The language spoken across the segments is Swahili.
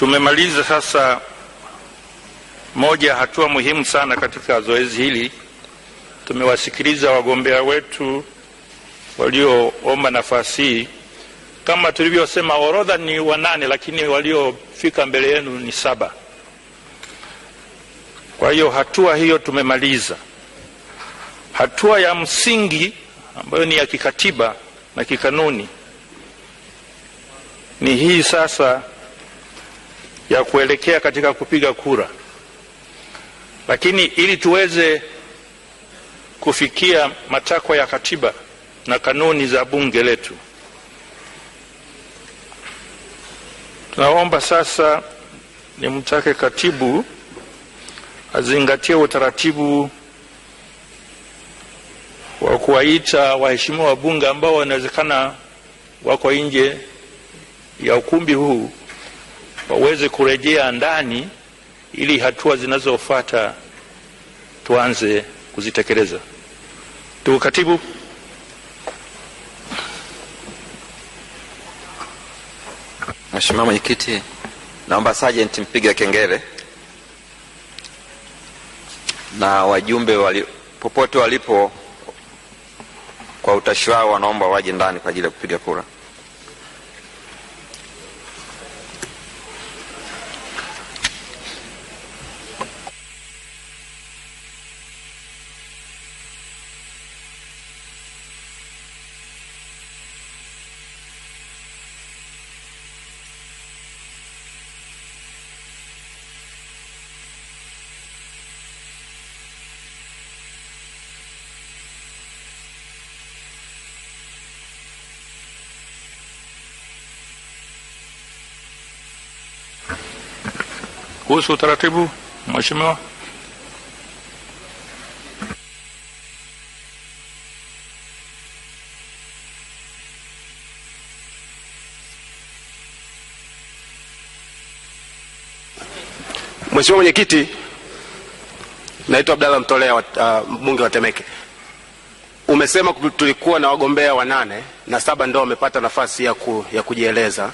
Tumemaliza sasa moja ya hatua muhimu sana katika zoezi hili. Tumewasikiliza wagombea wetu walioomba nafasi hii. Kama tulivyosema, orodha ni wanane, lakini waliofika mbele yenu ni saba. Kwa hiyo hatua hiyo tumemaliza. Hatua ya msingi ambayo ni ya kikatiba na kikanuni ni hii sasa ya kuelekea katika kupiga kura, lakini ili tuweze kufikia matakwa ya katiba na kanuni za bunge letu, tunaomba sasa nimtake katibu azingatie utaratibu wa kuwaita waheshimiwa wabunge ambao wanawezekana wako nje ya ukumbi huu waweze kurejea ndani ili hatua zinazofuata tuanze kuzitekeleza. Ndugu Katibu, Mheshimiwa Mwenyekiti, naomba sergeant mpiga kengele na wajumbe wali, popote walipo kwa utashi wao wanaomba waje ndani kwa ajili ya kupiga kura. kuhusu utaratibu mheshimiwa Mheshimiwa Mwenyekiti, naitwa Abdalla Mtolea, uh, mbunge wa Temeke. Umesema tulikuwa na wagombea wanane na saba ndio wamepata nafasi ya, ku, ya kujieleza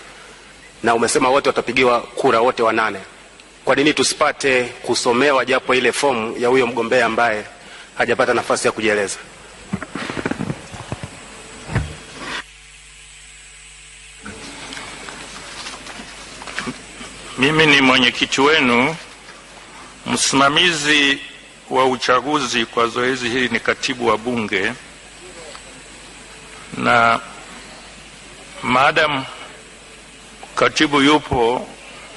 na umesema wote watapigiwa kura wote wanane. Kwa nini tusipate kusomewa japo ile fomu ya huyo mgombea ambaye hajapata nafasi ya kujieleza? Mimi ni mwenyekiti wenu. Msimamizi wa uchaguzi kwa zoezi hili ni katibu wa Bunge, na maadamu katibu yupo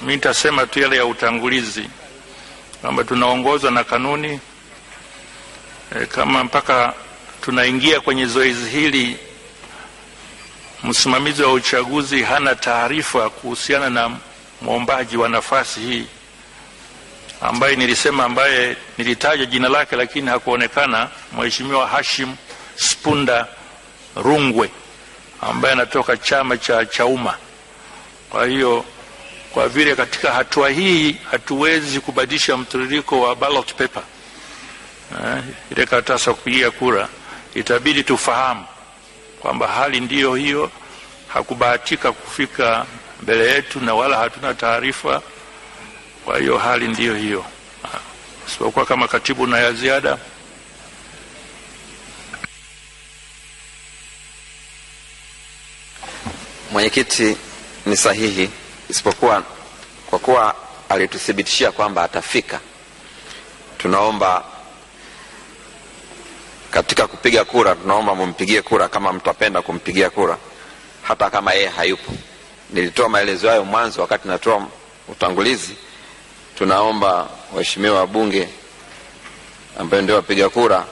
mi nitasema tu yale ya utangulizi kwamba tunaongozwa na kanuni e, kama mpaka tunaingia kwenye zoezi hili msimamizi wa uchaguzi hana taarifa kuhusiana na mwombaji wa nafasi hii ambaye nilisema, ambaye nilitaja jina lake lakini hakuonekana, Mheshimiwa Hashim Spunda Rungwe ambaye anatoka chama cha Chauma. Kwa hiyo kwa vile katika hatua hii hatuwezi kubadilisha mtiririko wa ballot paper eh, ile karatasi ya kupigia kura. Itabidi tufahamu kwamba hali ndiyo hiyo, hakubahatika kufika mbele yetu na wala hatuna taarifa. Kwa hiyo hali ndiyo hiyo, isipokuwa kama katibu na ya ziada Mwenyekiti, ni sahihi isipokuwa kwa kuwa alituthibitishia kwamba atafika. Tunaomba katika kupiga kura, tunaomba mumpigie kura kama mtapenda kumpigia kura, hata kama yeye hayupo. Nilitoa maelezo hayo mwanzo wakati natoa utangulizi. Tunaomba waheshimiwa wabunge ambayo ndio wapiga kura,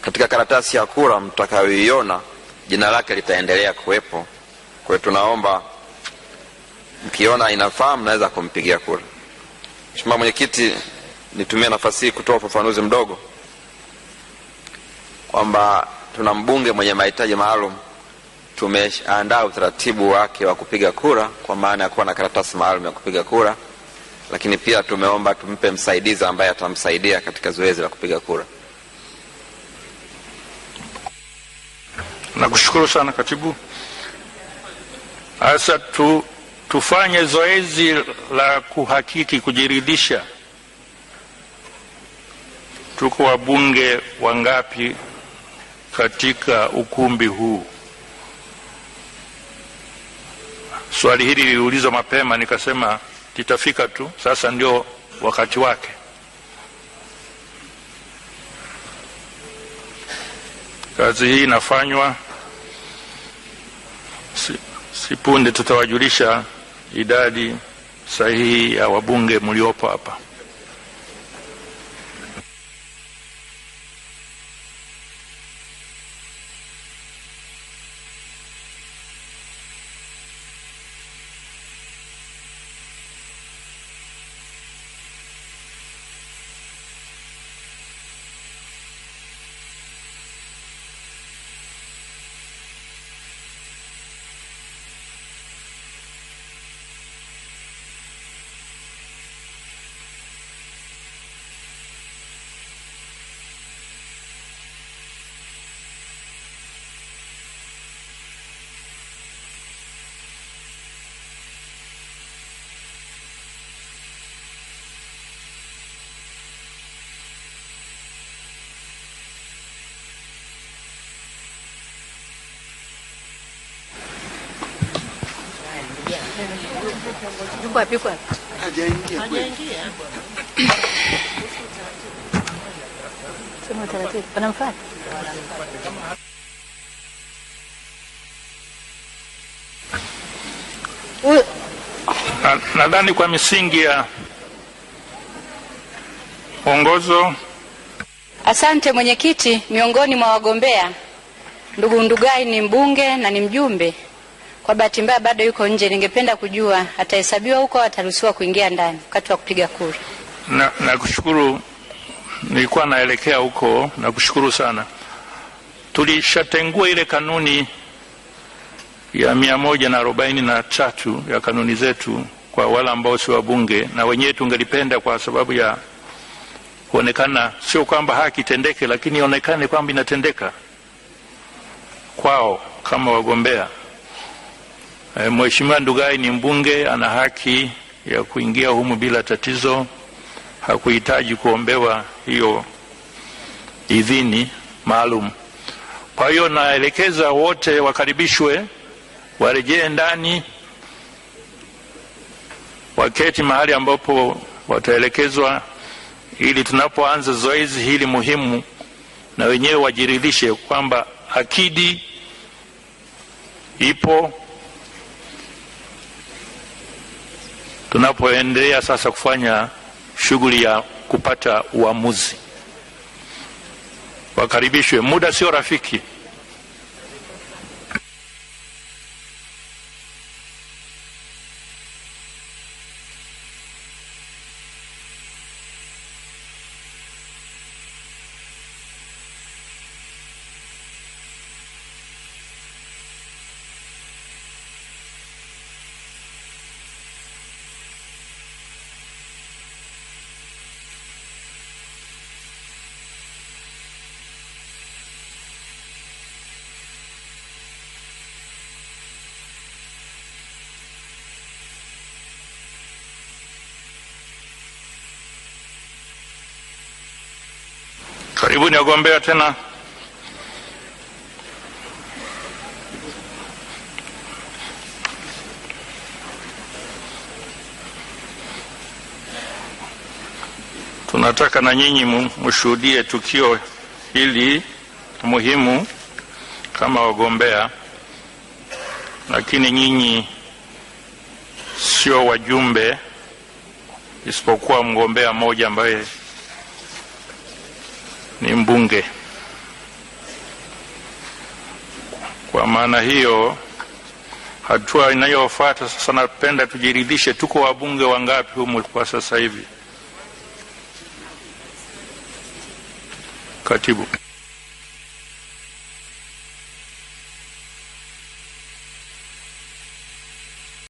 katika karatasi ya kura mtakayoiona jina lake litaendelea kuwepo. Kwa hiyo tunaomba mkiona inafaa mnaweza kumpigia kura mheshimiwa mwenyekiti nitumie nafasi hii kutoa ufafanuzi mdogo kwamba tuna mbunge mwenye mahitaji maalum tumeandaa utaratibu wake wa kupiga kura kwa maana ya kuwa na karatasi maalum ya kupiga kura lakini pia tumeomba tumpe msaidizi ambaye atamsaidia katika zoezi la kupiga kura nakushukuru sana katibu Asa tu tufanye zoezi la kuhakiki kujiridhisha tuko wabunge wangapi katika ukumbi huu? Swali hili liliulizwa mapema, nikasema litafika tu, sasa ndio wakati wake. Kazi hii inafanywa, sipunde tutawajulisha idadi sahihi ya wabunge mliopo hapa. Yuko wapi? Yuko wapi? Hajaingia Sema taratibu, Nadhani kwa misingi ya mwongozo. Asante mwenyekiti. Miongoni mwa wagombea ndugu Ndugai ni mbunge na ni mjumbe kwa bahati mbaya bado yuko nje. Ningependa kujua atahesabiwa huko au ataruhusiwa kuingia ndani wakati wa kupiga kura. Na nakushukuru, nilikuwa naelekea huko. Nakushukuru sana. Tulishatengua ile kanuni ya mia moja na arobaini na tatu ya kanuni zetu kwa wale ambao si wabunge, na wenyewe tungelipenda kwa sababu ya kuonekana, sio kwamba haki itendeke, lakini ionekane kwamba inatendeka kwao kama wagombea. E, Mheshimiwa Ndugai ni mbunge, ana haki ya kuingia humu bila tatizo, hakuhitaji kuombewa hiyo idhini maalum. Kwa hiyo naelekeza wote wakaribishwe, warejee ndani, waketi mahali ambapo wataelekezwa, ili tunapoanza zoezi hili muhimu, na wenyewe wajiridhishe kwamba akidi ipo tunapoendelea sasa kufanya shughuli ya kupata uamuzi, wakaribishwe. Muda sio rafiki, Karibuni wagombea tena. Tunataka na nyinyi mshuhudie tukio hili muhimu kama wagombea, lakini nyinyi sio wajumbe, isipokuwa mgombea mmoja ambaye ni mbunge kwa maana hiyo hatua inayofuata sasa napenda tujiridhishe tuko wabunge wangapi humu kwa sasa hivi katibu